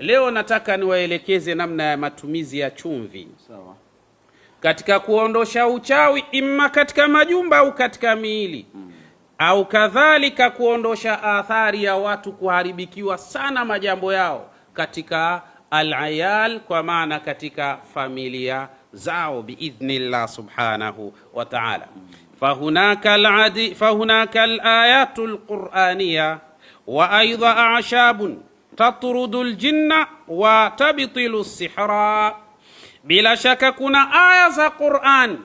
Leo nataka niwaelekeze namna ya matumizi ya chumvi sawa, katika kuondosha uchawi imma katika majumba au katika miili mm, au kadhalika kuondosha athari ya watu kuharibikiwa sana majambo yao katika alayal, kwa maana katika familia zao biidhnillah subhanahu wa ta'ala mm. Fahunaka al-adi, fahunaka al-ayatu al-Qur'aniya wa aidha a'shabun tatrudu ljinna wa tabtilu sihra. Bila shaka kuna aya za Qur'an,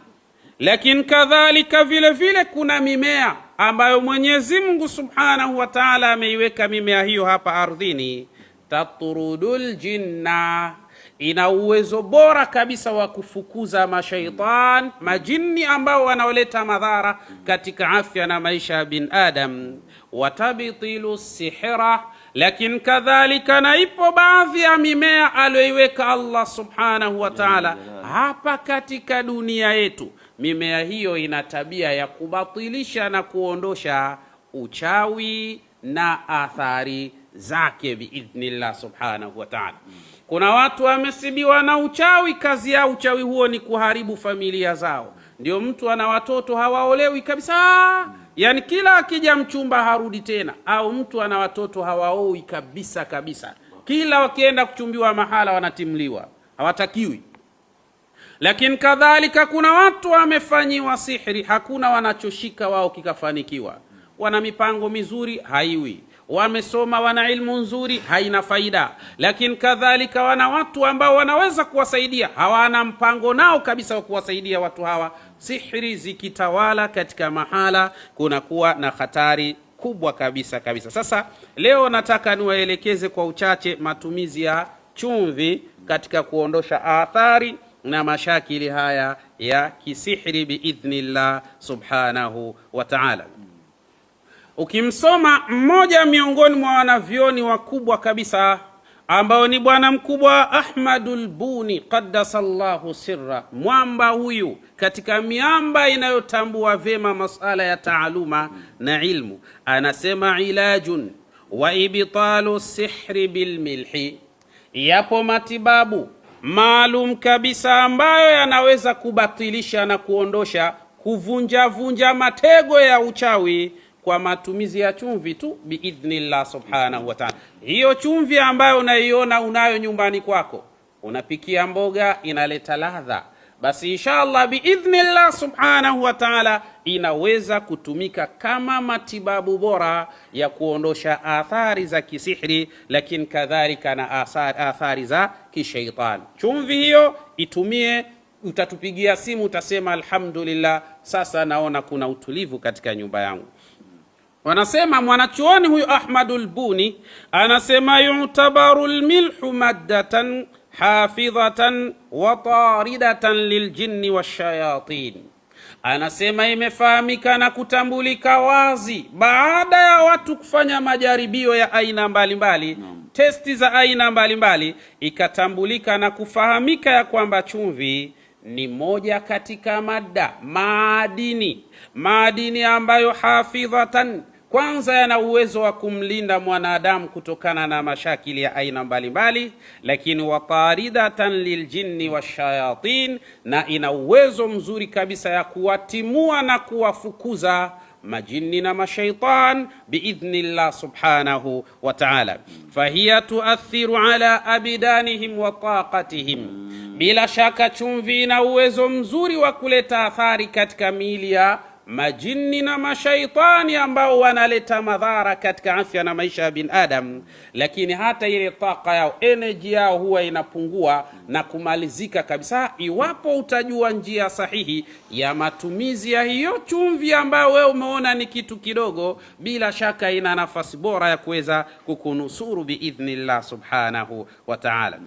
lakini kadhalika vile vile kuna mimea ambayo Mwenyezi Mungu Subhanahu wa Ta'ala ameiweka mimea hiyo hapa ardhini. Tatrudu ljinna ina uwezo bora kabisa wa kufukuza mashaitan majini ambao wanaoleta madhara katika afya na maisha ya bin adam. Watabtilu sihra lakini kadhalika na ipo baadhi ya mimea aliyoiweka Allah subhanahu wa taala hapa katika dunia yetu. Mimea hiyo ina tabia ya kubatilisha na kuondosha uchawi na athari zake biidhnillah subhanahu wa taala. Kuna watu wamesibiwa na uchawi, kazi yao uchawi huo ni kuharibu familia zao, ndio mtu ana watoto hawaolewi kabisa yaani kila akija mchumba harudi tena, au mtu ana watoto hawaoi kabisa kabisa, kila wakienda kuchumbiwa mahala wanatimliwa, hawatakiwi. Lakini kadhalika kuna watu wamefanyiwa sihri hakuna wanachoshika wao kikafanikiwa, wana mipango mizuri haiwi wamesoma, wana ilmu nzuri, haina faida. Lakini kadhalika wana watu ambao wanaweza kuwasaidia, hawana mpango nao kabisa wa kuwasaidia watu hawa. Sihri zikitawala katika mahala, kunakuwa na hatari kubwa kabisa kabisa. Sasa leo nataka niwaelekeze kwa uchache matumizi ya chumvi katika kuondosha athari na mashakili haya ya kisihri biidhnillah subhanahu wa ta'ala. Ukimsoma mmoja miongoni mwa wanavyoni wakubwa kabisa ambao ni bwana mkubwa Ahmadul Buni qaddasallahu sirra, mwamba huyu katika miamba inayotambua vyema masala ya taaluma na ilmu, anasema ilajun wa ibtalu sihri bilmilhi, yapo matibabu maalum kabisa ambayo yanaweza kubatilisha na kuondosha kuvunjavunja matego ya uchawi kwa matumizi ya chumvi tu biidhnillah subhanahu wa ta'ala. Hiyo chumvi ambayo unaiona unayo nyumbani kwako, unapikia mboga, inaleta ladha, basi inshallah biidhnillah subhanahu wa ta'ala inaweza kutumika kama matibabu bora ya kuondosha athari za kisihri, lakini kadhalika na athari za kishaitani. Chumvi hiyo itumie Utatupigia simu utasema, alhamdulillah, sasa naona kuna utulivu katika nyumba yangu. Wanasema mwanachuoni huyu Ahmadu lbuni anasema yutabaru lmilhu maddatan hafidhatan wa taridatan liljinni washayatin. Anasema imefahamika na kutambulika wazi baada ya watu kufanya majaribio ya aina mbalimbali mbali, testi za aina mbalimbali mbali, ikatambulika na kufahamika ya kwamba chumvi ni moja katika mada maadini maadini ambayo hafidhatan kwanza yana uwezo wa kumlinda mwanadamu kutokana na mashakili ya aina mbalimbali, lakini waqaridatan liljinni washayatin, na ina uwezo mzuri kabisa ya kuwatimua na kuwafukuza majini na mashaitan llah subhanahu wa ta'ala. Fahiya tuathiru ala abidanihim wa taqatihim, bila shaka chumvi ina uwezo mzuri wa kuleta athari katika miili ya majini na mashaitani ambao wanaleta madhara katika afya na maisha ya binadamu, lakini hata ile taka yao energy yao huwa inapungua na kumalizika kabisa, iwapo utajua njia sahihi ya matumizi ya hiyo chumvi ambayo wewe umeona ni kitu kidogo. Bila shaka ina nafasi bora ya kuweza kukunusuru biidhnillah subhanahu wa ta'ala.